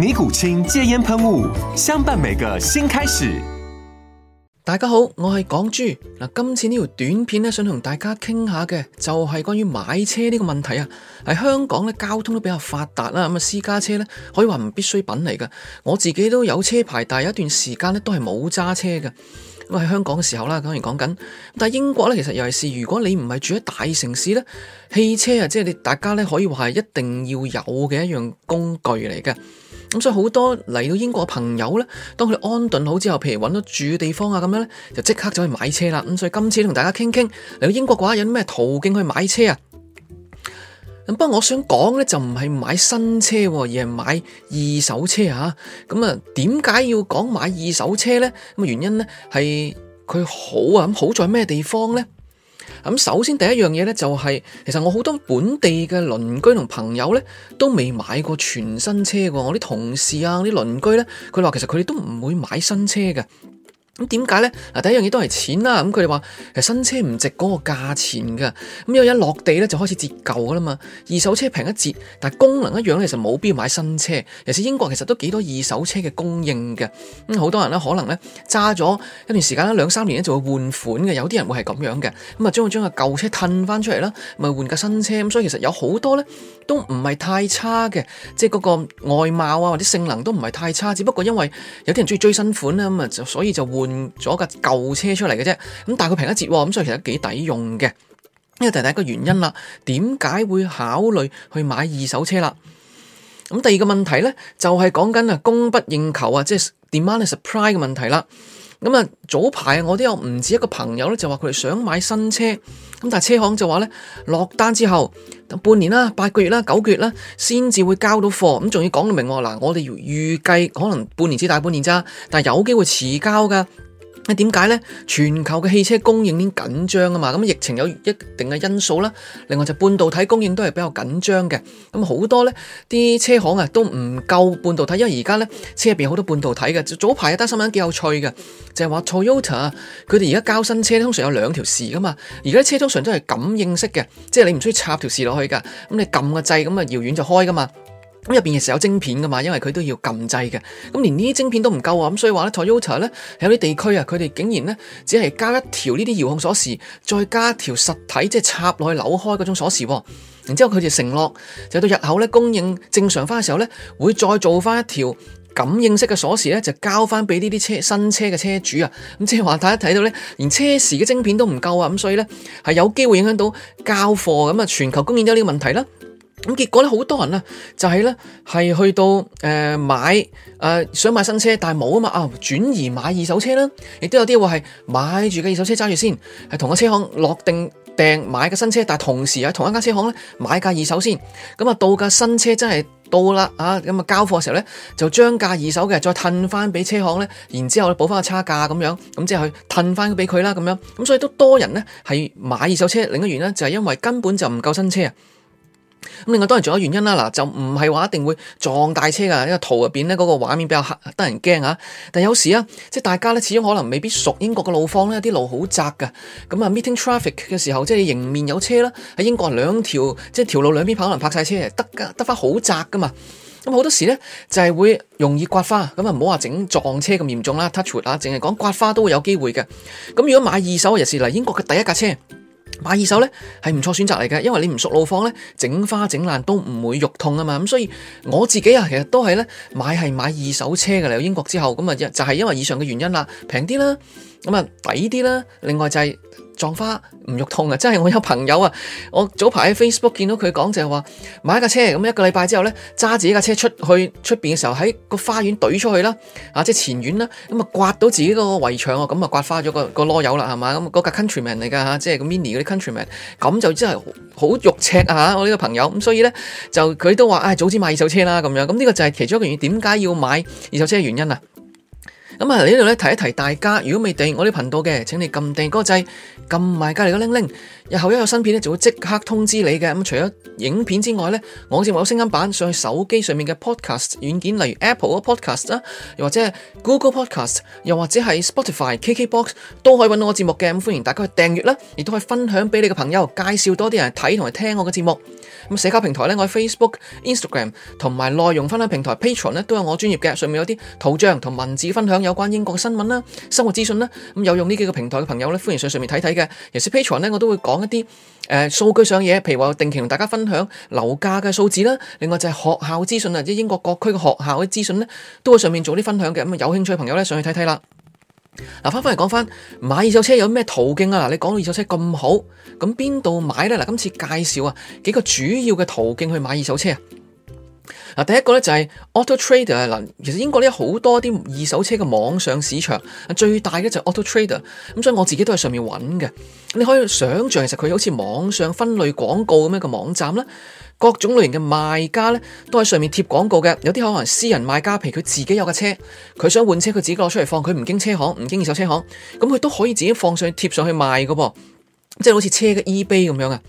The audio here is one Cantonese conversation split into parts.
尼古清戒煙噴霧，相伴每個新開始。大家好，我係港豬嗱。今次呢條短片咧，想同大家傾下嘅就係關於買車呢個問題啊。喺香港咧，交通都比較發達啦，咁啊私家車咧可以話唔必需品嚟噶。我自己都有車牌，但係有一段時間咧都係冇揸車噶。咁喺香港嘅時候啦，當然講緊，但係英國咧，其實尤其是如果你唔係住喺大城市咧，汽車啊，即係你大家咧可以話係一定要有嘅一樣工具嚟嘅。咁所以好多嚟到英國嘅朋友呢，當佢安頓好之後，譬如揾到住嘅地方啊，咁樣呢就即刻就去買車啦。咁所以今次同大家傾傾嚟到英國嘅話，有啲咩途徑去買車啊？咁不過我想講呢，就唔係買新車，而係買二手車呀。咁啊，點解要講買二手車呢？咁原因呢，係佢好啊。咁好在咩地方呢？咁首先第一樣嘢咧，就係其實我好多本地嘅鄰居同朋友咧，都未買過全新車嘅。我啲同事啊，我啲鄰居咧，佢話其實佢哋都唔會買新車嘅。咁點解呢？嗱，第一樣嘢都係錢啦。咁佢哋話其實新車唔值嗰個價錢噶。咁有一落地咧就開始折舊噶啦嘛。二手車平一折，但功能一樣咧就冇必要買新車。尤其英國其實都幾多二手車嘅供應嘅。咁好多人咧可能咧揸咗一段時間咧兩三年咧就會換款嘅。有啲人會係咁樣嘅。咁啊將會將個舊車褪翻出嚟啦，咪換個新車。咁所以其實有好多咧。都唔係太差嘅，即係嗰個外貌啊或者性能都唔係太差，只不過因為有啲人中意追新款啦，咁啊就所以就換咗架舊車出嚟嘅啫，咁但係佢平一折，咁所以其實幾抵用嘅，呢個就係第一個原因啦。點解會考慮去買二手車啦？咁第二個問題呢，就係講緊啊供不應求啊，即係 demand supply 嘅問題啦。咁啊，早排我都有唔止一個朋友咧，就話佢哋想買新車，咁但係車行就話咧，落單之後等半年啦、八個月啦、九個月啦，先至會交到貨，咁仲要講到明喎，嗱，我哋要預計可能半年至大半年咋，但係有機會遲交噶。咁點解咧？全球嘅汽車供應鏈緊張啊嘛，咁疫情有一定嘅因素啦。另外就半導體供應都係比較緊張嘅。咁好多咧，啲車行啊都唔夠半導體，因為而家咧車入邊好多半導體嘅。早排有單新聞幾有趣嘅，就係話 Toyota 佢哋而家交新車通常有兩條線噶嘛，而家啲車通常都係感應式嘅，即係你唔需要插條線落去㗎，咁你撳個掣咁啊，遙遠就開㗎嘛。咁入邊亦時有晶片噶嘛，因為佢都要禁制嘅。咁連呢啲晶片都唔夠啊！咁所以話 Toyota 咧喺有啲地區啊，佢哋竟然咧只係加一條呢啲遙控鎖匙，再加一條實體即係插落去扭開嗰種鎖匙。然之後佢哋就承諾，就到日後咧供應正常翻嘅時候咧，會再做翻一條感應式嘅鎖匙咧，就交翻俾呢啲車新車嘅車主啊。咁即係話大家睇到咧，連車匙嘅晶片都唔夠啊！咁所以咧係有機會影響到交貨。咁啊，全球供應都有呢個問題啦。咁結果咧，好多人咧就係咧，係去到誒、呃、買誒、呃、想買新車，但係冇啊嘛，啊轉而買二手車啦。亦都有啲會係買住嘅二手車揸住先，係同一個車行落定訂買個新車，但係同時喺同一間車行咧買架二手先。咁啊，到架新車真係到啦啊！咁啊交貨嘅時候咧，就將架二手嘅再褪翻俾車行咧，然之後咧補翻個差價咁樣，咁即係去褪翻俾佢啦咁樣。咁所以都多人咧係買二手車。另一原因就係、是、因為根本就唔夠新車啊！咁另外當然仲有原因啦，就唔係話一定會撞大車噶因為圖入邊呢嗰個畫面比較黑，得人驚啊！但有時啊，即係大家呢，始終可能未必熟英國嘅路況，呢啲路好窄噶，咁、嗯、啊 meeting traffic 嘅時候，即係迎面有車啦，喺英國兩條即係條路兩邊跑可能拍晒車，得噶得翻好窄噶嘛，咁好多時呢，就係、是、會容易刮花，咁啊唔好話整撞車咁嚴重啦，touch wood 啊，淨係講刮花都會有機會嘅。咁如果買二手嘅人士嚟英國嘅第一架車。買二手咧係唔錯選擇嚟嘅，因為你唔熟路況咧，整花整爛都唔會肉痛啊嘛，咁所以我自己啊，其實都係咧買係買二手車嘅嚟到英國之後咁啊，就係因為以上嘅原因一點啦，平啲啦，咁啊抵啲啦，另外就係、是。撞花唔肉痛啊！真係我有朋友啊，我早排喺 Facebook 見到佢講就係話買架車咁一個禮拜之後咧，揸自己架車出去出面嘅時候喺個花園對出去啦，啊即前院啦，咁、嗯、啊刮到自己圍、嗯、個圍牆、那個、啊，咁啊刮花咗個個囉柚啦，係嘛？咁嗰架 Countryman 嚟㗎嚇即係 Mini 嗰啲 Countryman，咁就真係好肉赤啊！我呢個朋友咁，所以咧就佢都話唉、哎，早知買二手車啦咁樣。咁、嗯、呢、這個就係其中一個原因，點解要買二手車嘅原因啊？咁啊！嚟呢度呢，提一提大家，如果未訂我啲頻道嘅，請你撳訂嗰個掣，撳埋隔籬個鈴鈴。日後一有新片咧，就會即刻通知你嘅。咁除咗影片之外咧，我節目有聲音版，上去手機上面嘅 Podcast 軟件，例如 Apple Podcast 又或者 Google Podcast，又或者係 Spotify、KKBox 都可以揾到我節目嘅。咁歡迎大家去訂閱啦，亦都可以分享俾你嘅朋友，介紹多啲人睇同埋聽我嘅節目。咁社交平台咧，我喺 Facebook、Instagram 同埋內容分享平台 Patreon 咧，Patreon, 都有我專業嘅。上面有啲圖像同文字分享有關英國嘅新聞啦、生活資訊啦。咁有用呢幾個平台嘅朋友咧，歡迎上上面睇睇嘅。尤其是 Patreon 咧，我都會講。一啲誒數據上嘢，譬如話定期同大家分享樓價嘅數字啦，另外就係學校資訊啊，即係英國各區嘅學校嘅資訊咧，都會上面做啲分享嘅，咁啊有興趣嘅朋友咧，上去睇睇啦。嗱、啊，翻翻嚟講翻買二手車有咩途徑啊？嗱，你講到二手車咁好，咁邊度買咧？嗱、啊，今次介紹啊幾個主要嘅途徑去買二手車啊。嗱，第一個咧就係 Auto Trader 啦。其實英國咧好多啲二手車嘅網上市場，最大嘅就係 Auto Trader，咁所以我自己都喺上面揾嘅。你可以想象，其實佢好似網上分類廣告咁樣嘅網站啦，各種類型嘅賣家咧都喺上面貼廣告嘅。有啲可能私人賣家，譬如佢自己有架車，佢想換車，佢自己攞出嚟放，佢唔經車行，唔經二手車行，咁佢都可以自己放上去貼上去賣噶噃。即係好似車嘅 eBay 咁樣啊，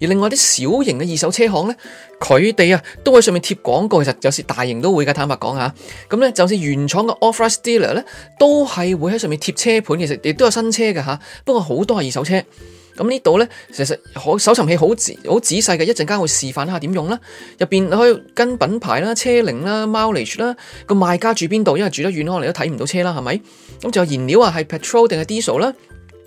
而另外啲小型嘅二手車行呢、啊，佢哋啊都喺上面貼廣告。其實有時大型都會嘅，坦白講嚇。咁呢就算原廠嘅 Authorized Dealer 呢，都係會喺上面貼車盤。其實亦都有新車嘅吓，不過好多係二手車。咁呢度呢，其實可搜尋器好好仔細嘅，一陣間會示範一下點用啦。入面你可以跟品牌啦、車齡啦、mileage 啦，個賣家住邊度，因為住得遠可能都睇唔到車啦，係咪？咁仲有燃料啊，係 petrol 定係 diesel 啦。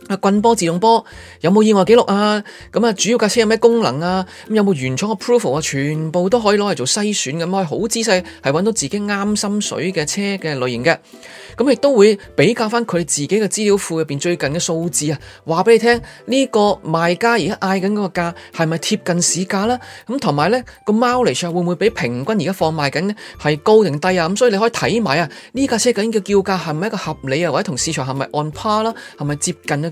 啊，棍波自動波有冇意外記錄啊？咁啊，主要架車有咩功能啊？咁有冇原廠 approval 啊？全部都可以攞嚟做篩選，咁可以好仔細係揾到自己啱心水嘅車嘅類型嘅。咁亦都會比較翻佢自己嘅資料庫入邊最近嘅數字啊，話俾你聽呢、這個賣家而家嗌緊嗰個價係咪貼近市價啦？咁同埋呢個貓嚟上會唔會比平均而家放賣緊呢？係高定低啊？咁所以你可以睇埋啊呢架車究竟嘅叫價係咪一個合理啊？或者同市場係咪 on par 啦？係咪接近啊？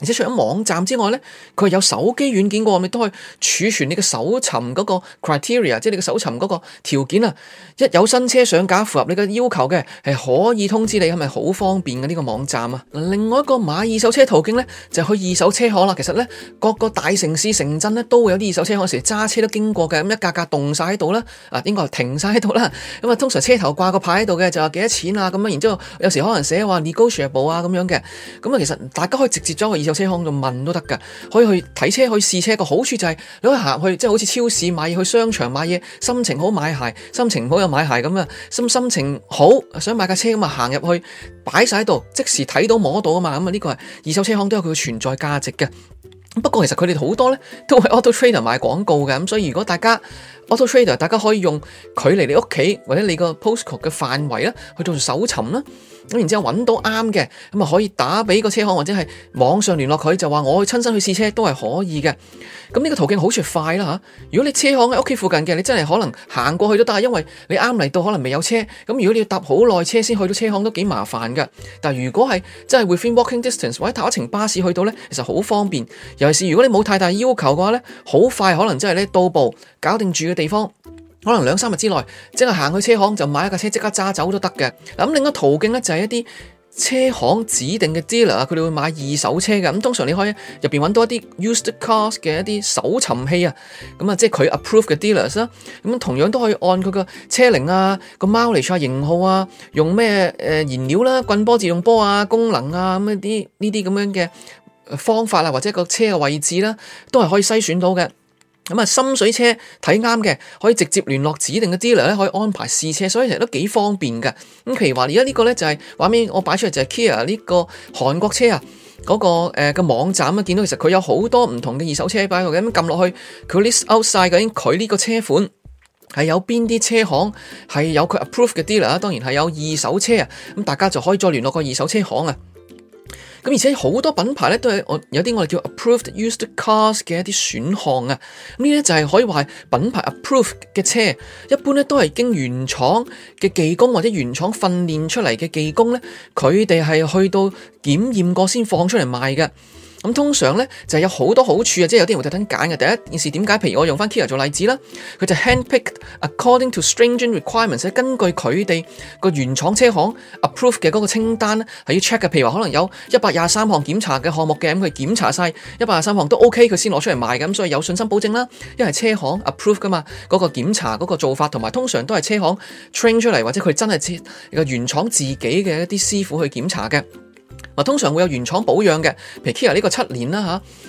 而且除咗網站之外呢，佢有手機軟件嘅喎，你都可以儲存你嘅搜尋嗰個 criteria，即係你嘅搜尋嗰個條件啊。一有新車上架符合你嘅要求嘅，係可以通知你，係咪好方便嘅呢個網站啊？另外一個買二手車途徑呢，就去二手車行啦。其實呢，各個大城市城鎮呢，都會有啲二手車行，時揸車都經過嘅，咁一格格棟晒喺度啦，啊，應該停晒喺度啦。咁啊，通常車頭掛個牌喺度嘅，就話幾多錢啊咁樣，然之後有時可能寫話 negotiable 啊咁樣嘅。咁啊，其實大家可以直接將二手車行度問都得噶，可以去睇車，去試車。個好處就係你可以行去，即係好似超市買嘢，去商場買嘢，心情好買鞋，心情唔好又買鞋咁啊。心心情好想買架車咁啊，行入去擺晒喺度，即時睇到摸到啊嘛。咁啊，呢個係二手車行都有佢嘅存在價值嘅。不過其實佢哋好多呢，都係 auto trader 賣廣告嘅，咁所以如果大家。Auto Trader 大家可以用距離你屋企或者你個 postcode 嘅範圍啦，去做搜尋啦。咁然之後揾到啱嘅，咁啊可以打俾個車行或者係網上聯絡佢，就話我去親身去試車都係可以嘅。咁、這、呢個途徑好在快啦吓，如果你車行喺屋企附近嘅，你真係可能行過去都得。但係因為你啱嚟到可能未有車，咁如果你要搭好耐車先去到車行都幾麻煩嘅，但係如果係真係 within walking distance 或者搭一程巴士去到咧，其實好方便。尤其是如果你冇太大要求嘅話咧，好快可能真係咧到步搞定住。地方可能兩三日之內，即係行去車行就買一架車即刻揸走都得嘅。咁，另一途徑咧就係一啲車行指定嘅 dealer 啊，佢哋會買二手車嘅。咁通常你可以入邊揾到一啲 used cars 嘅一啲搜尋器啊，咁啊，即係佢 approved 嘅 dealers 啦。咁同樣都可以按佢個車齡啊、個 mileage 啊、型號啊，用咩誒燃料啦、啊、棍波自動波啊、功能啊咁一啲呢啲咁樣嘅方法啊，或者個車嘅位置啦、啊，都係可以篩選到嘅。咁啊，深水車睇啱嘅，可以直接聯絡指定嘅 dealer 咧，可以安排試車，所以其實都幾方便㗎。咁譬如話、就是，而家呢個咧就係畫面，我擺出嚟就係 KIA 呢個韓國車啊、那個，嗰個誒嘅網站啊，見到其實佢有好多唔同嘅二手車擺喺度嘅，咁撳落去佢 list out 曬嘅，究竟佢呢個車款係有邊啲車行係有佢 approve 嘅 dealer 啊，當然係有二手車啊，咁大家就可以再聯絡個二手車行啊。咁而且好多品牌咧都係我有啲我哋叫 approved used cars 嘅一啲選項啊，咁呢啲就係可以話係品牌 approved 嘅車，一般咧都係經原廠嘅技工或者原廠訓練出嚟嘅技工咧，佢哋係去到檢驗過先放出嚟賣嘅。咁通常呢就係有好多好處啊！即係有啲人會特登揀嘅。第一件事點解？譬如我用翻 Kia 做例子啦，佢就 hand picked according to stringent requirements，根據佢哋個原廠車行 approve 嘅嗰個清單係要 check 嘅。譬如話可能有一百廿三項檢查嘅項目嘅，咁佢檢查晒一百廿三項都 OK，佢先攞出嚟賣咁，所以有信心保證啦。因為車行 approve 噶嘛，嗰個檢查嗰個做法同埋通常都係車行 train 出嚟，或者佢真係個原廠自己嘅一啲師傅去檢查嘅。通常會有原廠保養嘅，譬如 Kia 呢個七年啦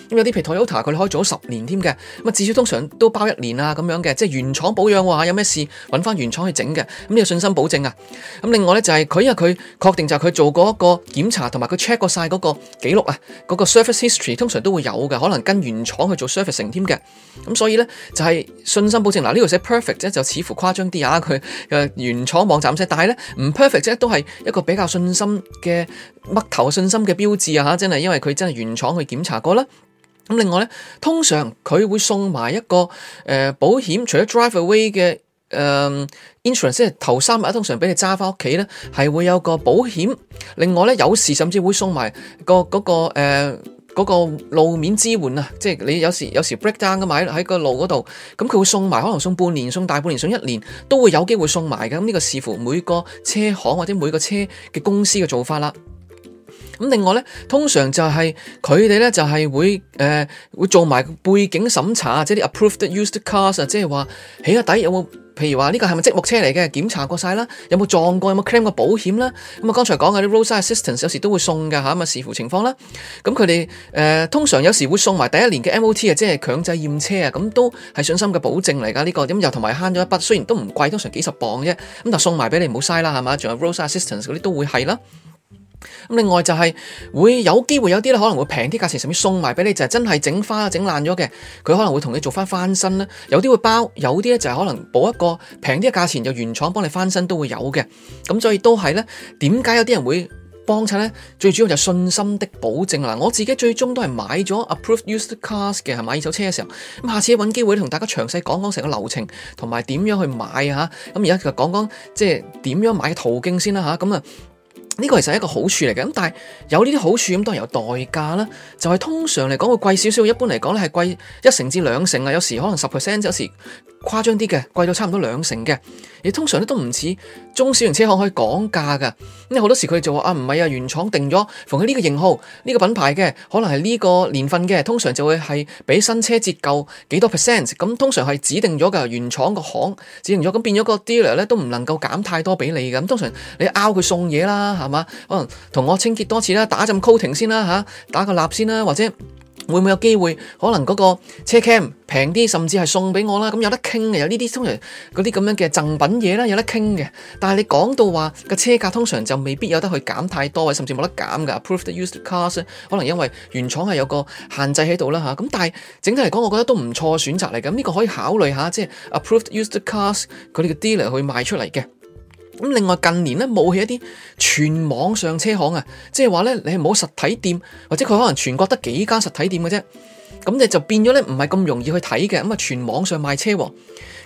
嚇，咁有啲譬如 Toyota 佢哋可以做咗十年添嘅，咁至少通常都包一年啊咁樣嘅，即係原廠保養喎，有咩事揾翻原廠去整嘅，咁呢個信心保證啊。咁另外咧，就係佢因為佢確定就係佢做過一個檢查同埋佢 check 過晒嗰個記錄啊，嗰、那個 service history 通常都會有嘅，可能跟原廠去做 servicing 添嘅。咁所以咧就係、是、信心保證嗱，呢度寫 perfect 啫，就似乎誇張啲啊佢嘅原廠網站寫，但係咧唔 perfect 啫，都係一個比較信心嘅乜頭。信心嘅標誌啊！吓，真係因為佢真係原廠去檢查過啦。咁另外咧，通常佢會送埋一個誒、呃、保險，除咗 drive away 嘅誒、呃、Insurance，即係頭三日通常俾你揸翻屋企咧，係會有個保險。另外咧，有時甚至會送埋個、嗰個誒、呃嗰個路面支援啊！即係你有時有時 break down 㗎嘛，喺個路嗰度，咁佢會送埋，可能送半年、送大半年、送一年，都會有機會送埋嘅。咁、呢、呢個視乎每個車行或者每個車嘅公司嘅做法啦。咁另外咧，通常就係佢哋咧就係會誒、呃、會做埋背景審查，即係啲 approved used cars 啊，即係話起下底有冇，譬如話呢個係咪積木車嚟嘅？檢查過晒啦，有冇撞過？有冇 claim 過保險啦？咁、嗯、啊，剛才講嘅啲 roadside assistance 有時都會送嘅嚇，咁、嗯、啊視乎情況啦。咁佢哋誒通常有時會送埋第一年嘅 MOT 啊，即係強制驗車啊，咁、嗯、都係信心嘅保證嚟㗎呢個。咁又同埋慳咗一筆，雖然都唔貴，通常幾十磅啫。咁、嗯、但送埋俾你，唔好嘥啦，係嘛？仲有 roadside assistance 嗰啲都會係啦。咁另外就係會有機會有啲咧可能會平啲價錢，甚至送埋俾你，就係真係整花整爛咗嘅，佢可能會同你做翻翻新啦。有啲會包，有啲咧就係可能補一個平啲嘅價錢，就原廠幫你翻新都會有嘅。咁所以都係咧，點解有啲人會幫襯咧？最主要就係信心的保證啦。我自己最終都係買咗 Approved Used Cars 嘅，係買二手車嘅時候。咁下次搵機會同大家詳細講講成個流程，同埋點樣去買吓。咁而家其實講講即係點樣買嘅途徑先啦吓。咁啊。呢、這個其實係一個好處嚟嘅，咁但係有呢啲好處咁當然有代價啦，就係、是、通常嚟講會貴少少，一般嚟講咧係貴一成至兩成啊，有時可能十 percent，有時。誇張啲嘅，貴到差唔多兩成嘅，而通常咧都唔似中小型車行可以講價嘅。因為好多時佢就話啊，唔係啊，原廠定咗逢喺呢個型號、呢個品牌嘅，可能係呢個年份嘅，通常就會係比新車折舊幾多 percent。咁通常係指定咗嘅，原廠個行指定咗，咁變咗個 dealer 咧都唔能夠減太多俾你嘅。咁通常你拗佢送嘢啦，係嘛？可能同我清潔多次啦，打浸 coating 先啦，打個蠟先啦，或者。會唔會有機會可能嗰個車 cam 平啲，甚至係送畀我啦？咁有得傾嘅，有呢啲通常嗰啲咁樣嘅贈品嘢啦，有得傾嘅。但係你講到話個車價通常就未必有得去減太多，甚至冇得減㗎。Approved used cars 可能因為原廠係有個限制喺度啦吓。咁但係整體嚟講，我覺得都唔錯嘅選擇嚟嘅。咁呢個可以考慮下，即係 approved used cars 佢哋嘅 dealer 去賣出嚟嘅。咁另外近年咧冒起一啲全網上車行啊，即係話咧你係冇實體店，或者佢可能全國得幾間實體店嘅啫。咁你就變咗咧唔係咁容易去睇嘅。咁啊全網上賣車。咁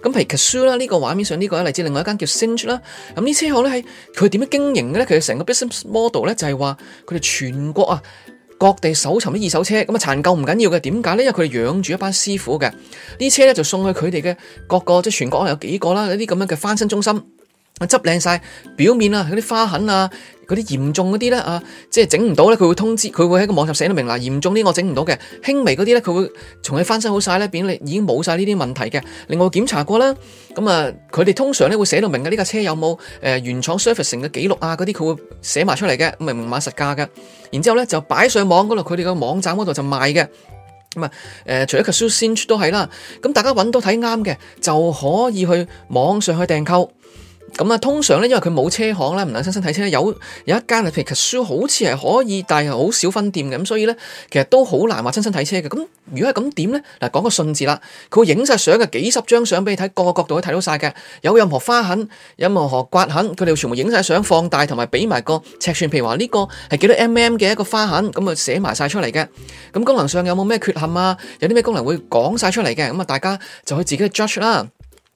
譬如 Cazoo 啦，呢個畫面上呢、這個，嚟自另外一間叫 cinch 啦。咁呢車行咧係佢點樣經營嘅咧？其實成個 business model 咧就係話佢哋全國啊各地搜尋啲二手車，咁啊殘舊唔緊要嘅。點解咧？因為佢哋養住一班師傅嘅，啲車咧就送去佢哋嘅各個，即係全國有幾個啦，有啲咁樣嘅翻新中心。執靚晒表面啊，嗰啲花痕啊，嗰啲嚴重嗰啲咧啊，即係整唔到咧，佢會通知佢會喺個網站寫、啊、到明嗱，嚴重啲我整唔到嘅，輕微嗰啲咧佢會從佢翻新好晒。咧，變你已經冇晒呢啲問題嘅。另外檢查過、啊有有呃啊明明啊呃、啦，咁啊佢哋通常咧會寫到明嘅，呢架車有冇誒原廠 servicing 嘅記錄啊，嗰啲佢會寫埋出嚟嘅，咁咪明碼實價嘅。然之後咧就擺上網嗰度，佢哋個網站嗰度就賣嘅，咁啊誒，除咗 car search 都係啦，咁大家揾到睇啱嘅就可以去網上去訂購。咁啊，通常咧，因為佢冇車行啦，唔能夠親身睇車。有有一間係皮卡蘇，譬如 Casso, 好似係可以，但係好少分店嘅。咁所以咧，其實都好難話親身睇車嘅。咁如果係咁點咧？嗱，講個順字啦，佢會影晒相嘅，幾十張相畀你睇，個個角度都睇到晒嘅。有任何花痕，有任何刮痕，佢哋全部影晒相，放大同埋畀埋個尺寸，譬如話呢個係幾多 mm 嘅一個花痕，咁啊寫埋晒出嚟嘅。咁功能上有冇咩缺陷啊？有啲咩功能會講晒出嚟嘅，咁啊大家就去自己去 judge 啦。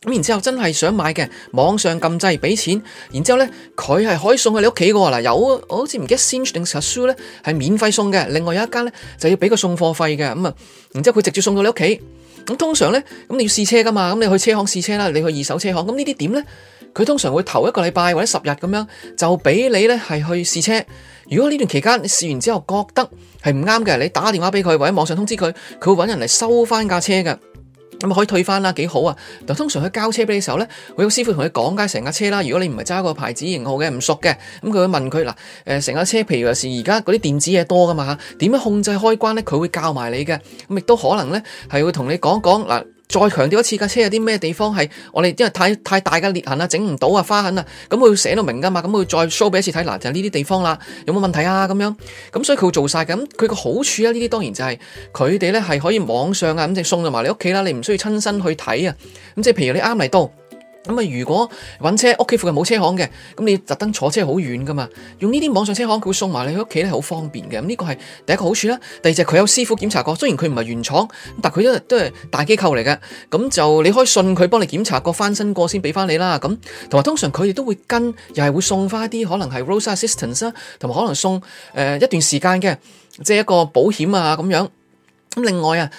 咁然之後真係想買嘅，網上撳掣俾錢，然之後咧佢係可以送去你屋企嘅喎。嗱，有啊，我好似唔記得 cinch 定 Cazoo 咧，係免費送嘅。另外有一間咧就要俾個送貨費嘅。咁啊，然之後佢直接送到你屋企。咁通常咧，咁你要試車㗎嘛？咁你去車行試車啦，你去二手車行。咁呢啲點咧？佢通常會頭一個禮拜或者十日咁樣就俾你咧係去試車。如果呢段期間你試完之後覺得係唔啱嘅，你打電話俾佢或者網上通知佢，佢會揾人嚟收翻架車嘅。咁可以退翻啦，幾好啊！嗱，通常佢交車俾你嘅時候呢，會有個師傅同你講解成架車啦。如果你唔係揸個牌子型號嘅，唔熟嘅，咁佢會問佢嗱，誒成架車，譬如話是而家嗰啲電子嘢多噶嘛，點樣控制開關呢？佢會教埋你嘅。咁亦都可能呢，係會同你講講嗱。再強調一次，架車有啲咩地方係我哋因為太太大嘅裂痕啊，整唔到啊，花痕啊，咁佢會寫到明噶嘛，咁佢再 show 俾一次睇，嗱就係呢啲地方啦，有冇問題啊？咁樣，咁所以佢會做晒。咁，佢個好處啊，呢啲當然就係佢哋咧係可以網上啊，咁即係送到埋你屋企啦，你唔需要親身去睇啊，咁即係譬如你啱嚟到。咁啊！如果揾車，屋企附近冇車行嘅，咁你特登坐車好遠㗎嘛？用呢啲網上車行，佢會送埋你去屋企咧，係好方便嘅。咁呢個係第一個好處啦。第二隻佢有師傅檢查過，雖然佢唔係原廠，但佢都都係大機構嚟嘅。咁就你可以信佢幫你檢查過、翻新過先俾翻你啦。咁同埋通常佢哋都會跟，又係會送翻啲可能係 Roadside Assistance 啊，同埋可能送誒、呃、一段時間嘅即係一個保險啊咁樣。咁另外啊～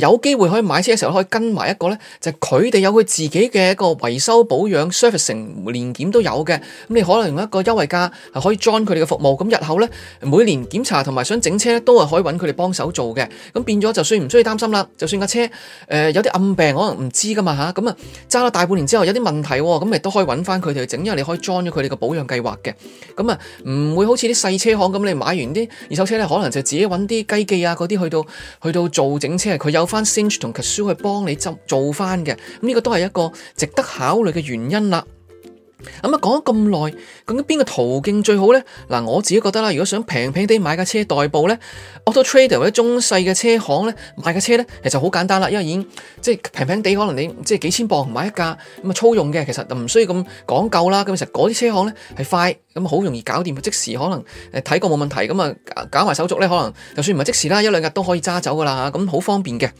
有機會可以買車嘅時候，可以跟埋一個呢，就佢哋有佢自己嘅一個維修保養 servicing 年檢都有嘅。咁你可能用一個優惠價係可以 join 佢哋嘅服務。咁日後呢，每年檢查同埋想整車都係可以揾佢哋幫手做嘅。咁變咗就算唔需要擔心啦。就算架車有啲暗病，可能唔知噶嘛吓，咁啊，揸咗大半年之後有啲問題，咁你都可以揾翻佢哋去整，因為你可以 join 咗佢哋嘅保養計劃嘅。咁啊，唔會好似啲細車行咁，你買完啲二手車呢，可能就自己揾啲雞記啊嗰啲去，去到去到做整車。佢有翻 Cinch 同 Cazoo 去幫你執做翻嘅，咁呢個都係一個值得考慮嘅原因啦。咁啊，講咗咁耐，究竟邊個途徑最好咧？嗱，我自己覺得啦，如果想平平地買架車代步咧，auto trader 或者中細嘅車行咧，買架車咧，其實好簡單啦，因為已經即係平平地，可能你即係幾千磅買一架咁啊，粗用嘅，其實就唔需要咁講究啦。咁其實嗰啲車行咧係快，咁好容易搞掂，即時可能誒，睇過冇問題，咁啊搞埋手續咧，可能就算唔係即時啦，一兩日都可以揸走噶啦吓，咁好方便嘅。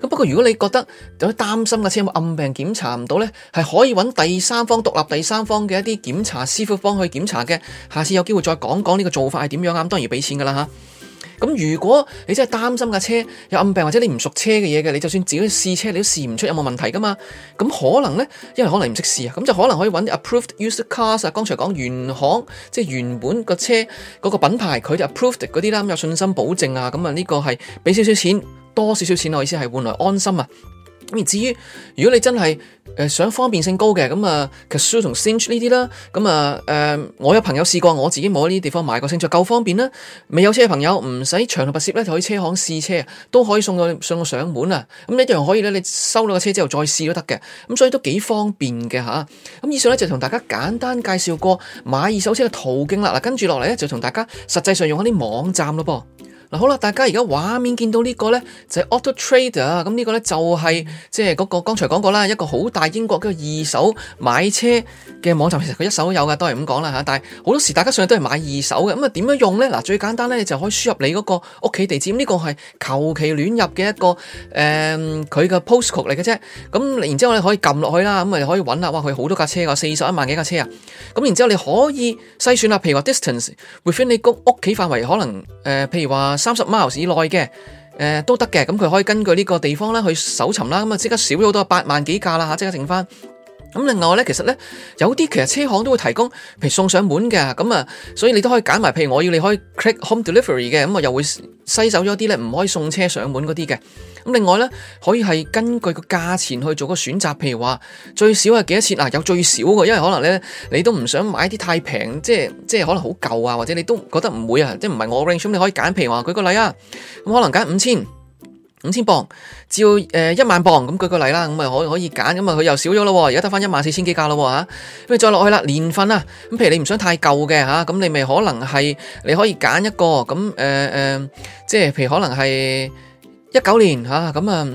咁不過，如果你覺得有擔心架車有冇暗病檢查唔到呢，係可以揾第三方獨立第三方嘅一啲檢查師傅方去檢查嘅。下次有機會再講講呢個做法係點樣，咁，當然要畀錢噶啦。咁如果你真係擔心架車有暗病，或者你唔熟車嘅嘢嘅，你就算自己試車你都試唔出有冇問題噶嘛。咁可能呢，因為可能唔識試啊，咁就可能可以揾 approved used cars 啊。剛才講原行，即係原本個車嗰個品牌，佢哋 approved 嗰啲啦，咁有信心保證啊。咁啊呢個係畀少少錢。多少少錢，我意思係換來安心啊！咁至於，如果你真係、呃、想方便性高嘅咁啊，其實 Cazoo 同 sinch 呢啲啦。咁啊、呃、我有朋友試過，我自己冇喺呢啲地方買過 cinch，星夠方便啦。未有車嘅朋友唔使長途跋涉咧，就可以車行試車，都可以送到送到上門啊！咁一樣可以咧，你收咗個車之後再試都得嘅。咁所以都幾方便嘅咁、啊、以上咧就同大家簡單介紹過買二手車嘅途徑啦。嗱、啊，跟住落嚟咧就同大家實際上用一啲網站咯噃。嗱，好啦，大家而家畫面見到呢個咧，就係 Auto Trader 啊！咁呢個咧就係即係嗰個剛才講過啦，一個好大英國嘅二手買車嘅網站。其實佢一手都有㗎，都係咁講啦嚇。但係好多時大家上嚟都係買二手嘅。咁啊點樣用咧？嗱，最簡單咧就可以輸入你嗰個屋企地址。咁呢個係求其亂入嘅一個誒，佢嘅 postcode 嚟嘅啫。咁然之後你可以撳落去啦，咁咪可以揾下。哇，佢好多架車噶，四十一萬幾架車啊！咁然之後你可以篩選啦，譬如話 distance，within 你個屋企範圍可能、呃、譬如話。三十 mile 以內嘅，誒、呃、都得嘅，咁佢可以根據呢個地方咧去搜尋啦，咁啊即刻少咗好多八萬幾架啦吓，即刻剩翻。咁另外呢，其實呢，有啲其實車行都會提供，譬如送上門嘅，咁啊，所以你都可以揀埋，譬如我要你可以 click home delivery 嘅，咁啊又會篩走咗啲呢，唔可以送車上門嗰啲嘅。咁另外呢，可以係根據個價錢去做個選擇，譬如話最少係幾多錢啊，有最少嘅，因為可能呢，你都唔想買啲太平，即係即係可能好舊啊，或者你都覺得唔會啊，即係唔係我 range，所以你可以揀，譬如話舉個例啊，咁可能揀五千。五千磅，只要、呃、一萬磅咁舉個例啦，咁咪可可以揀，咁啊佢又少咗咯，而家得翻一萬四千幾架咯喎。咁、啊、咪再落去啦年份啦、啊、咁譬如你唔想太舊嘅嚇，咁、啊、你咪可能係你可以揀一個咁誒即係譬如可能係一九年嚇，咁啊。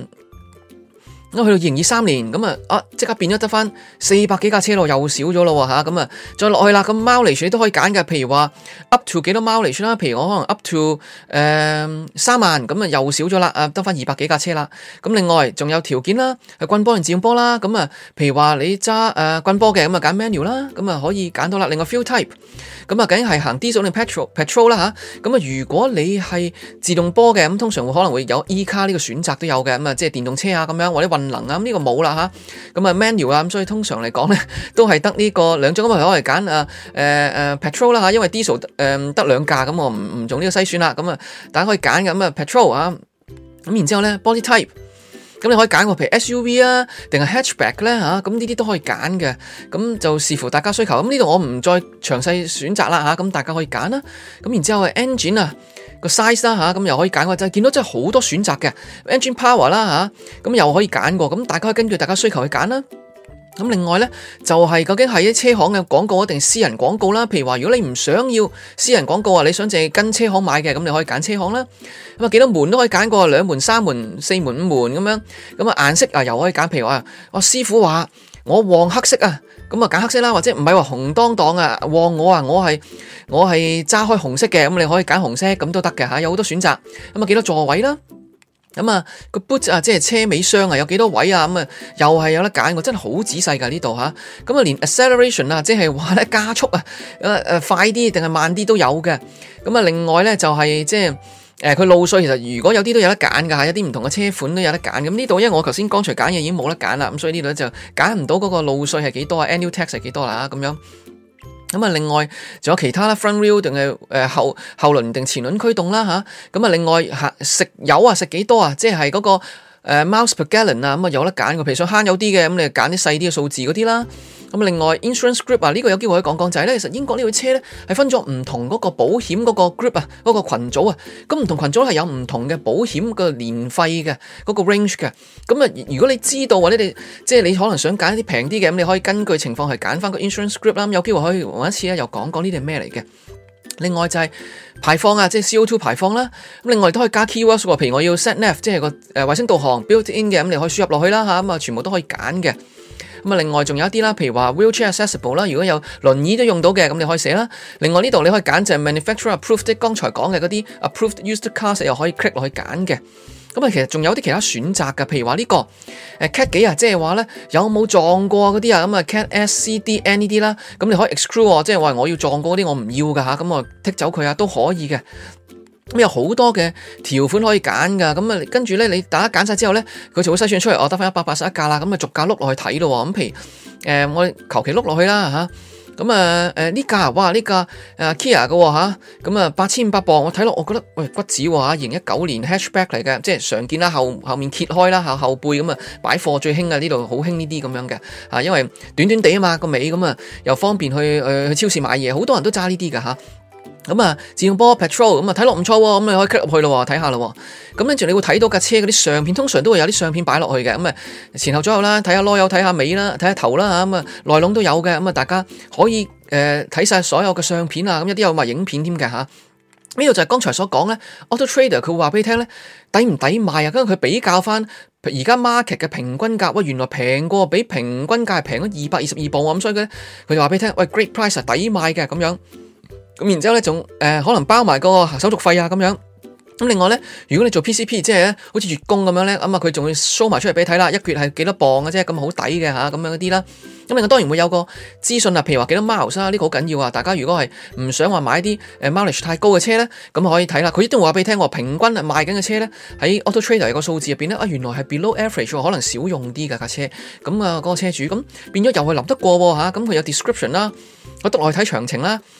咁去到二零二三年，咁啊，啊，啊即刻變咗得翻四百幾架車咯，又少咗咯喎吓，咁啊再落去啦，咁 mileage 你都可以揀嘅，譬如話 up to 幾多 mileage 啦，譬如我可能 up to 誒三萬，咁啊又少咗啦，啊得翻二百幾架車啦，咁、啊、另外仲有條件啦，係棍波定自動波啦，咁啊，啊譬如話你揸誒棍波嘅，咁啊揀 manual 啦，咁啊，啊可以揀到啦，另外 fuel type，咁啊梗係、啊、行 Diesel 定 Petrol Petrol、啊、啦吓。咁啊，啊，啊如果你係自動波嘅，咁、啊、通常會可能會有 E 卡呢個選擇都有嘅，咁啊即係電動車啊咁樣或者話。能、嗯這個、啊，呢個冇啦吓，咁啊 manual 啊，咁所以通常嚟講咧，都係得呢個兩張咁嘅可以揀啊，誒誒、呃呃、petrol 啦、啊、吓，因為 Diesel 誒、呃、得兩架咁、嗯，我唔唔做呢個篩選啦，咁、嗯、啊大家可以揀嘅，咁啊 petrol 啊，咁、啊、然之後咧 body type，咁、啊、你可以揀個譬如 SUV 啊，定係 hatchback 咧、啊、吓，咁呢啲都可以揀嘅，咁、啊、就視乎大家需求，咁呢度我唔再詳細選擇啦吓，咁、啊啊、大家可以揀啦，咁然之後係 engine 啊。個 size 啦咁又可以揀就真見到真係好多選擇嘅 engine power 啦嚇，咁又可以揀個咁大家可以根據大家需求去揀啦。咁另外咧就係、是、究竟係啲車行嘅廣告定私人廣告啦。譬如話，如果你唔想要私人廣告啊，你想就係跟車行買嘅，咁你可以揀車行啦。咁啊幾多門都可以揀個兩門、三門、四門、五門咁樣。咁啊顏色啊又可以揀，譬如話我師傅話我黃黑色啊。咁啊，揀黑色啦，或者唔係話紅當當啊！哇，我啊，我係我係揸開紅色嘅，咁你可以揀紅色咁都得嘅吓，有好多選擇。咁啊，幾多座位啦？咁啊，個 boot 啊，即係車尾箱啊，有幾多位啊？咁啊，又係有得揀，我真係好仔細噶呢度吓。咁啊，連 acceleration 啊，即係話咧加速啊，誒、啊、誒快啲定係慢啲都有嘅。咁啊，另外咧就係、是、即係。誒，佢路稅其實如果有啲都有得揀噶吓，有啲唔同嘅車款都有得揀。咁呢度因為我頭先剛才揀嘢已經冇得揀啦，咁所以呢度就揀唔到嗰個路稅係幾多啊，annual tax 係幾多啦咁樣。咁啊，另外仲有其他啦，front wheel 定係誒後後輪定前輪驅動啦吓。咁啊，另外食油啊食幾多啊，即係嗰個誒 miles per gallon 啊，咁啊有得揀嘅。譬如想慳油啲嘅，咁你就揀啲細啲嘅數字嗰啲啦。咁另外 insurance group 啊，呢個有機會可以講講就係呢，其實英國呢個車呢，係分咗唔同嗰個保險嗰個 group 啊，嗰個羣組啊，咁唔同群組係有唔同嘅保險嘅年費嘅嗰、嗰個 range 嘅。咁啊，如果你知道或者你即係你可能想揀一啲平啲嘅，咁你可以根據情況去揀翻個 insurance group 啦。有機會可以換一次又講講呢啲係咩嚟嘅。另外就係排放啊，即係 CO2 排放啦。咁另外都可以加 keywords 譬如我要 sat nav，即係個衛星導航 built in 嘅，咁你可以輸入落去啦吓，咁啊全部都可以揀嘅。咁啊，另外仲有啲啦，譬如話 wheelchair accessible 啦，如果有輪椅都用到嘅，咁你可以寫啦。另外呢度你可以揀就係 manufacturer approved，剛才講嘅嗰啲 approved used cars 又可以 click 落去揀嘅。咁啊，其實仲有啲其他選擇㗎，譬如話呢個 cat 幾啊，即係話咧有冇撞過嗰啲啊，咁啊 cat S C D N 呢啲啦，咁你可以 exclude 即係話我要撞過嗰啲我唔要嘅吓。咁啊剔走佢啊都可以嘅。咁有好多嘅條款可以揀噶，咁啊跟住咧，你打揀晒之後咧，佢就會篩選出嚟哦，得返一百八十一架啦，咁啊逐架碌落去睇咯。咁譬如誒，我求其碌落去啦咁，嗯、啊，誒，呢架哇，呢架誒 Kia 嘅喎。咁啊八千五百磅，我睇落我覺得喂，哎，骨子嚇，二零一九年 Hatchback 嚟嘅，即係常見啦，後後面揭開啦嚇，後背，咁啊擺貨最興啊，呢度好興呢啲咁樣嘅，因為短短地啊嘛個尾咁啊，又方便去去，呃、超市買嘢，好多人都揸呢啲嘅。咁啊，自動波 patrol 咁啊，睇落唔錯喎，咁你可以 click 入去咯，睇下咯。咁跟住你會睇到架車嗰啲相片，通常都會有啲相片擺落去嘅。咁啊，前後左右啦，睇下囉柚，睇下尾啦，睇下頭啦嚇。咁啊，內籠都有嘅。咁啊，大家可以誒睇晒所有嘅相片啊。咁有啲有埋影片添嘅吓，呢度就係剛才所講咧，auto trader 佢會話俾你聽咧，抵唔抵賣啊？跟住佢比較翻而家 market 嘅平均價，喂，原來平過比平均價平咗二百二十二磅喎。咁所以佢，佢就話俾你聽，喂，great price 係抵買嘅咁樣。咁然之後咧，仲誒、呃、可能包埋個手續費啊咁樣。咁另外咧，如果你做 P C P，即係咧好似月供咁樣咧，咁啊佢仲會 show 埋出嚟俾你睇啦，一月係幾多磅嘅啫，咁好抵嘅吓，咁樣嗰啲啦。咁另外當然會有個資訊啊，譬如話幾多 m i l e 啊，呢個好緊要啊。大家如果係唔想話買啲誒 mileage 太高嘅車咧，咁可以睇啦。佢亦都會話俾你聽喎，平均啊賣緊嘅車咧喺 Auto Trader 個數字入邊咧，啊原來係 below average 可能少用啲架架車。咁啊嗰個車主咁變咗又係諗得過喎嚇，咁、啊、佢有 description 啦，我讀落去睇詳情啦。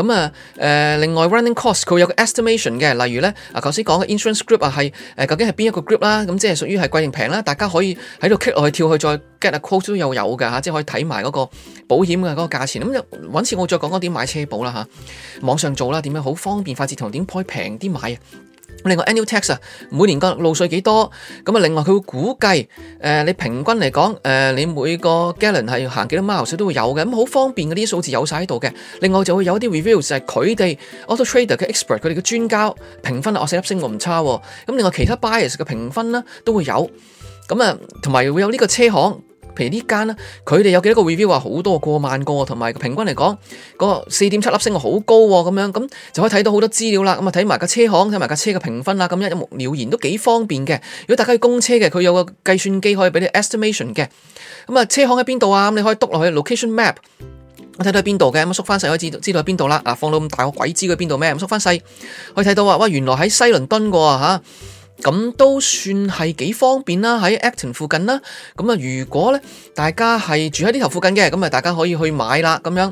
咁啊、呃，另外 running cost 佢有個 estimation 嘅，例如咧，啊，頭先講嘅 insurance group 啊，係、啊、究竟係邊一個 group 啦、啊？咁即係屬於係貴定平啦，大家可以喺度 click 落去跳去再 get a quote 都有有嘅、啊、即係可以睇埋嗰個保險嘅嗰個價錢。咁搵次我再講講點買車保啦嚇、啊，網上做啦，點樣好方便快捷同點平啲買啊！另外 annual tax 啊，每年個路稅幾多？咁另外佢會估計，呃，你平均嚟講，呃，你每個 gallon 是要行幾多 l e 鷹都會有嘅。咁好方便嘅啲數字有晒喺度嘅。另外就會有啲 review 就係佢哋 auto trader 嘅 expert，佢哋嘅專家評分，評分，啊、我 s e 星我唔差，啊。咁另外其他 bias 嘅評分呢都會有。咁同埋會有呢個車行。譬如呢間啦，佢哋有幾多個 review 啊？好多過萬個，同埋個平均嚟講、嗰個四點七粒星，好高喎咁樣，咁就可以睇到好多資料啦。咁啊，睇埋個車行，睇埋架車嘅評分啦，咁一目了然都幾方便嘅。如果大家要供車嘅，佢有個計算機可以俾你 estimation 嘅。咁啊，車行喺邊度啊？咁你可以督落去 location map，我睇到喺邊度嘅。咁縮翻細可以知知道喺邊度啦。啊，放到咁大個，我鬼知佢邊度咩？咁縮翻細可以睇到啊。喂，原來喺西倫敦喎嚇。咁都算係幾方便啦，喺 Acton 附近啦。咁啊，如果咧大家係住喺呢頭附近嘅，咁啊大家可以去買啦。咁樣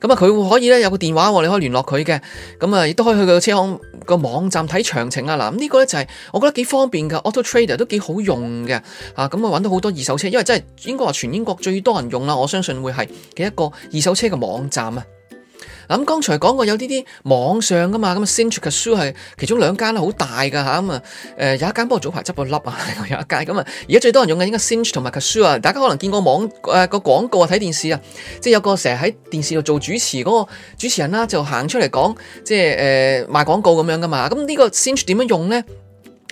咁啊，佢會可以咧有個電話，你可以聯絡佢嘅。咁啊，亦都可以去個車行個網站睇詳情啊。嗱，呢個咧就係我覺得幾方便嘅。Auto Trader 都幾好用嘅啊。咁啊，搵到好多二手車，因為真係應該話全英國最多人用啦。我相信會係嘅一個二手車嘅網站啊。咁剛才講過有啲啲網上噶嘛，咁啊 Cinch 同埋 Cazoo 係其中兩間好大㗎。咁、呃、啊，有一間不過早排執個笠啊，有一間咁啊，而家最多人用嘅應該 Cinch 同埋 Cazoo 啊，大家可能見過網誒、呃、個廣告啊，睇電視啊，即係有個成日喺電視度做主持嗰個主持人啦，就行出嚟講即係誒賣廣告咁樣噶嘛，咁呢個 Cinch 點樣用咧？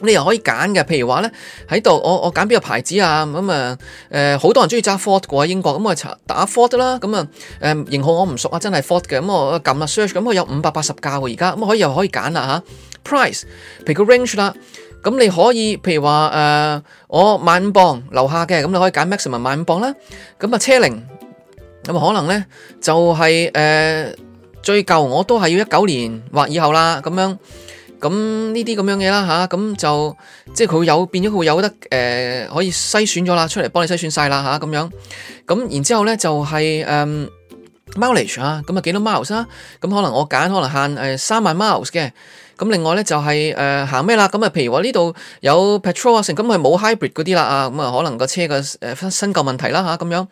你又可以揀嘅，譬如話咧喺度，我我揀邊個牌子啊？咁啊，呃、好多人中意揸 Ford 嘅喺英國咁我打 Ford 啦，咁啊誒型號我唔熟啊，真係 Ford 嘅，咁我撳啦 search，咁我有五百八十架喎而家，咁可以又可以揀啦吓，Price，譬如個 range 啦，咁你可以譬如話誒、呃、我萬五磅樓下嘅，咁你可以揀 maximum 萬五磅啦。咁啊車齡，咁啊可能咧就係、是、誒、呃、最舊我都係要一九年或以後啦，咁樣。咁呢啲咁樣嘢啦吓，咁就即係佢有變咗，佢有得誒、呃、可以篩選咗啦，出嚟幫你篩選晒啦吓，咁、啊、樣。咁然之後咧就係、是、嗯、呃、mileage 啊，咁啊幾多 miles 啊？咁可能我揀可能限三萬、呃、miles 嘅。咁另外咧就係、是呃、行咩啦？咁啊，譬如話呢度有 petrol 啊成，咁咪冇 hybrid 嗰啲啦啊。咁啊，可能個車個誒、呃、新舊問題啦吓，咁、啊、樣。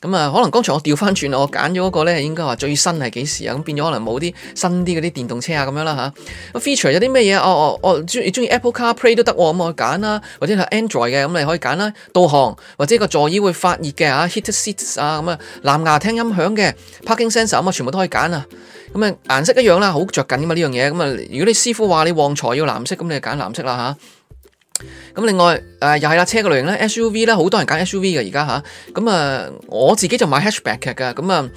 咁、嗯、啊，可能剛才我調翻轉我揀咗嗰個咧，應該話最新係幾時啊？咁變咗可能冇啲新啲嗰啲電動車啊咁樣啦嚇。咁 feature 有啲咩嘢？我我我中意中意 Apple Car Play 都得喎，咁我揀啦，或者係 Android 嘅，咁你可以揀啦。導航或者個座椅會發熱嘅嚇、啊、heated seats 啊咁啊，藍牙聽音響嘅 parking sensor，咁啊全部都可以揀啊。咁、嗯、啊顏色一樣啦，好着緊噶嘛呢樣嘢。咁啊如果你師傅話你旺財要藍色，咁你就揀藍色啦嚇。啊。咁另外誒、啊，又係啦，車嘅類型咧，S U V 咧，好多人揀 S U V 嘅而家吓，咁啊，我自己就買 Hatchback 嘅，咁啊。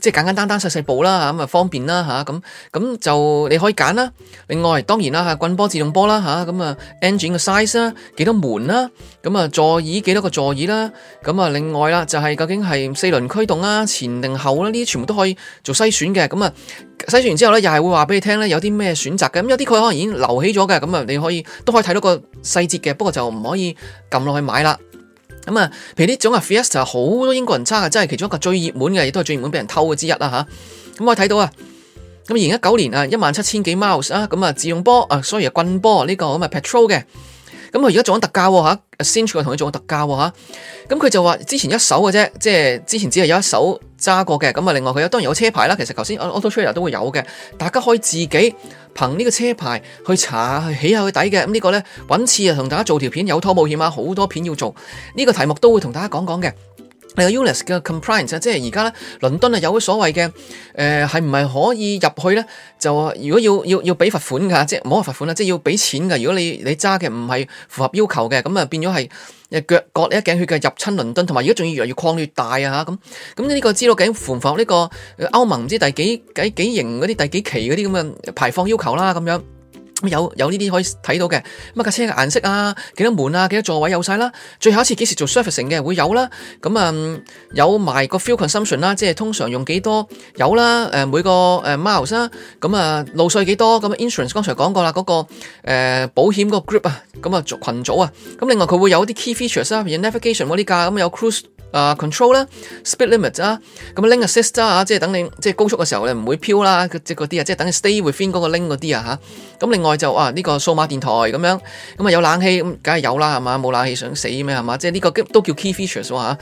即係簡簡單單細細部啦，咁啊，方便啦，咁咁就你可以揀啦。另外當然啦，棍波自動波啦，咁啊 engine 嘅 size 啦，幾多門啦，咁啊，座椅幾多個座椅啦，咁啊，另外啦就係究竟係四輪驅動啊，前定後啦，呢啲全部都可以做篩選嘅。咁啊篩選完之後咧，又係會話俾你聽咧，有啲咩選擇嘅。咁有啲佢可能已經留起咗嘅，咁啊你可以都可以睇到個細節嘅，不過就唔可以撳落去買啦。咁啊，譬如呢種啊，Fiesta 好多英國人揸嘅，真係其中一個最熱門嘅，亦都係最熱門俾人偷嘅之一啦吓，咁我睇到啊，咁二零一九年啊，一萬七千幾 miles 啊，咁啊，自動波啊，所以啊，棍波呢、呢個咁啊，petrol 嘅。咁佢而家做緊特價喎，嚇 c e n 同佢做緊特價喎，咁佢就話之前一手嘅啫，即係之前只係有一手揸過嘅。咁啊，另外佢有當然有車牌啦。其實頭先我 auto trader 都會有嘅，大家可以自己憑呢個車牌去查去起下去底嘅。咁、呢、呢個呢，揾次啊，同大家做條片有拖保險啊，好多片要做。呢、呢個題目都會同大家講講嘅。你個 ULEZ 嘅 compliance，即係而家咧，倫敦啊有所謂嘅，誒係唔係可以入去咧？就如果要要要畀罰款㗎，即係唔好話罰款啦，即係要畀錢㗎。如果你你揸嘅唔係符合要求嘅，咁啊變咗係腳割你一頸血嘅入侵倫敦，同埋而家仲要越嚟越擴越大啊！嚇，咁，咁呢個知道究竟符唔符合呢個歐盟唔知第幾幾幾型嗰啲第幾期嗰啲咁嘅排放要求啦，咁樣啊有有呢啲可以睇到嘅，乜架車嘅顏色啊，幾多門啊，幾多座位有晒啦，最後一次幾時做 servicing 嘅會有啦、啊，咁、嗯、啊有埋個 fuel consumption 啦，即係通常用幾多油啦、啊，誒每個誒 miles 啦、啊，咁、嗯、啊路稅幾多，咁、嗯、啊 insurance 剛才講過啦，嗰、那個誒、呃、保險個 group 啊，咁、嗯、啊群組啊，咁、嗯、另外佢會有啲 key features 啊，譬如 navigation 啲架咁啊有 cruise。啊、uh,，control 啦，speed limit 啊，咁啊 link assist 啊、uh,，即係等你即係高速嘅時候你唔會飄啦、啊，即係嗰啲啊，即係等你 stay within 嗰個 link 嗰啲啊吓，咁、uh, 另外就啊，呢、uh, 個數碼電台咁樣，咁、嗯、啊有冷氣咁梗係有啦係嘛？冇冷氣想死咩係嘛？即係呢個都叫 key features 吓、uh。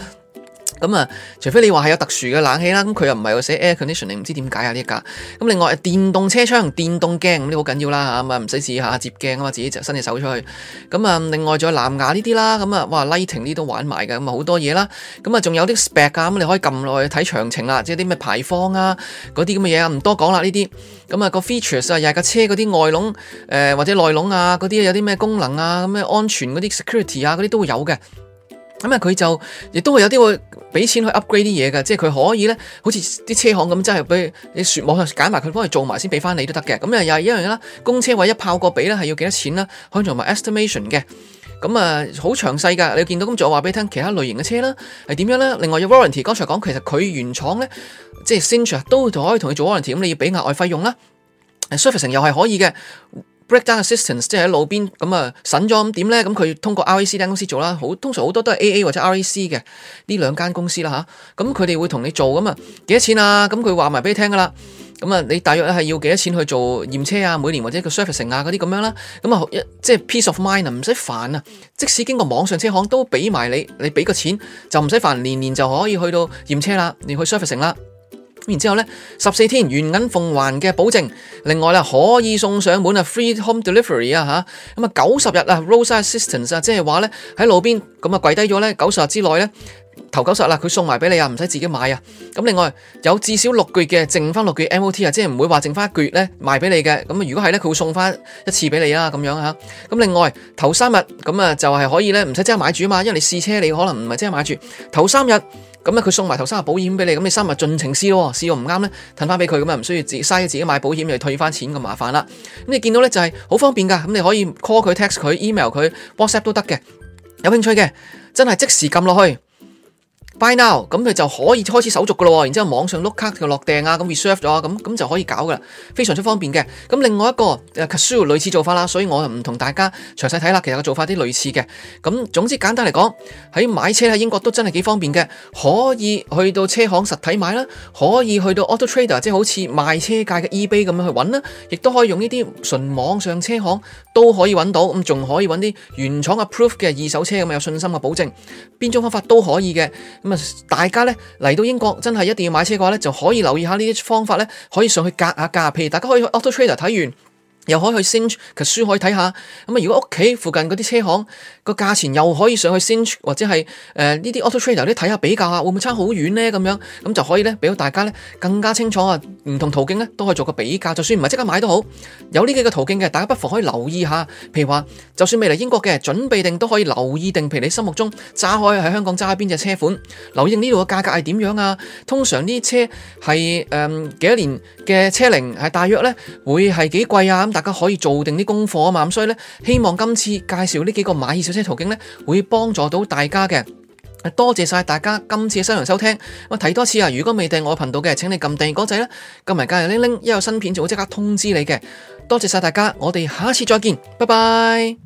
咁、嗯、啊，除非你話係有特殊嘅冷氣啦，咁佢又唔係有寫 air conditioning，唔知點解啊呢架。咁另外電動車窗、電動鏡咁啲好緊要啦吓，咁啊唔使試下接鏡啊嘛，自己就伸隻手出去。咁、嗯、啊，另外仲有藍牙呢啲啦，咁、嗯嗯、啊，哇，lighting 呢都玩埋嘅，咁啊好多嘢啦。咁啊，仲有啲 spec 啊，咁你可以撳落去睇詳情啦，即係啲咩排放啊，嗰啲咁嘅嘢啊，唔多講啦呢啲。咁啊個 features 啊，又係架車嗰啲外籠誒或者內籠啊嗰啲有啲咩功能啊咁安全嗰啲 security 啊嗰啲都會有嘅。咁啊，佢就亦都有會有啲會俾錢去 upgrade 啲嘢㗎，即係佢可以咧，好似啲車行咁，真係畀你說網上揀埋佢，幫佢做埋先，俾翻你都得嘅。咁啊，又係一樣啦。公車位一炮過畀咧，係要幾多錢啦？可以做埋 estimation 嘅。咁啊，好詳細噶。你見到咁就話俾你聽，其他類型嘅車啦，係點樣啦？另外嘅 warranty，剛才講其實佢原廠咧，即係 central 都可以同佢做 warranty，咁你要俾額外費用啦。servicing 又係可以嘅。Breakdown assistance 即係喺路邊咁啊，審咗咁點咧？咁佢通過 RAC 呢間公司做啦，好通常好多都係 AA 或者 RAC 嘅呢兩間公司啦吓，咁佢哋會同你做咁啊，幾多錢啊？咁佢話埋俾你聽㗎啦。咁啊，你大約係要幾多錢去做驗車啊？每年或者個 service 啊嗰啲咁樣啦。咁啊一即係 piece of mind 啊，唔使煩啊。即使經過網上車行都俾埋你，你俾個錢就唔使煩，年年就可以去到驗車啦，年去 service 啦。然之後呢，十四天原銀奉還嘅保證，另外呢，可以送上門啊，free home delivery 啊，嚇咁啊，九十日啊 r o s a assistance 啊，即係話呢，喺路邊咁啊跪低咗呢，九十日之內呢，頭九十日啦，佢送埋俾你啊，唔使自己買啊。咁另外有至少六個月嘅剩翻六個月 M O T 啊，即係唔會話剩翻一個月呢賣俾你嘅。咁如果係呢，佢會送翻一次俾你啊咁樣嚇。咁另外頭三日咁啊，就係可以呢，唔使即刻買住啊嘛，因為你試車你可能唔係即刻買住頭三日。咁佢送埋頭三日保險俾你，咁你三日盡情試咯，試又唔啱呢，褪返俾佢咁啊，唔需要自嘥自己買保險又退返錢咁麻煩啦。咁你見到呢就係好方便㗎，咁你可以 call 佢、text 佢、 佢 email 佢、WhatsApp 都得嘅，有興趣嘅真係即時撳落去。Buy now 咁佢就可以開始手續噶咯喎，然之後網上碌卡就落訂啊，咁 reserved 咗咁咁就可以搞噶啦，非常之方便嘅。咁另外一個誒 Cazoo 類似做法啦，所以我唔同大家詳細睇啦。其實個做法啲類似嘅。咁總之簡單嚟講，喺買車喺英國都真係幾方便嘅，可以去到車行實體買啦，可以去到 auto trader 即係好似賣車界嘅 eBay 咁樣去揾啦，亦都可以用呢啲純網上車行都可以揾到，咁仲可以揾啲原廠 approved 嘅二手車咁啊，有信心嘅保證，邊種方法都可以嘅。大家呢嚟到英國，真係一定要買車嘅話呢，就可以留意一下呢啲方法呢，可以上去格下價，譬如大家可以去 Auto Trader 睇完，又可以去 search，其實書可以睇下。咁啊，如果屋企附近嗰啲車行。個價錢又可以上去 cinch，或者係誒呢、呃、啲 auto trader 啲睇下比較下，會唔會差好遠咧？咁樣咁就可以咧，俾到大家咧更加清楚啊！唔同途徑咧都可以做個比較，就算唔係即刻買都好，有呢幾個途徑嘅，大家不妨可以留意下。譬如話，就算未嚟英國嘅，準備定都可以留意定，譬如你心目中揸開喺香港揸開邊隻車款，留意呢度嘅價格係點樣啊？通常呢啲車係誒、嗯、幾多年嘅車齡係大約咧會係幾貴啊？咁大家可以做定啲功課啊嘛。咁所以咧，希望今次介紹呢幾個買二手。些途徑咧會幫助到大家嘅，多謝晒大家今次收聽。我睇多次啊，如果未訂我頻道嘅，請你撳訂閱嗰掣啦，撳埋加入鈴鈴，一有新片就會即刻通知你嘅。多謝晒大家，我哋下次再見，拜拜。